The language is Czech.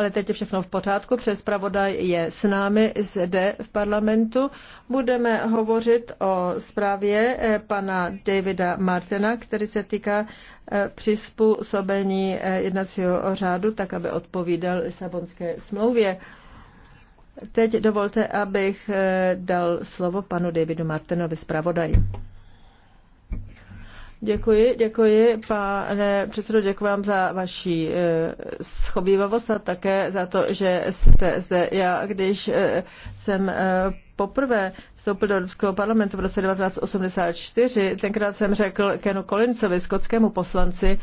ale teď je všechno v pořádku. Přes zpravodaj je s námi zde v parlamentu. Budeme hovořit o zprávě eh, pana Davida Martina, který se týká eh, přizpůsobení eh, jednacího řádu, tak aby odpovídal Lisabonské smlouvě. Teď dovolte, abych dal slovo panu Davidu Martinovi zpravodaji. Děkuji, děkuji, pane předsedo, děkuji vám za vaši eh, schovývavost a také za to, že jste zde. Já, když eh, jsem eh, poprvé vstoupil do Evropského parlamentu v roce 1984, tenkrát jsem řekl Kenu Collinsovi, skotskému poslanci,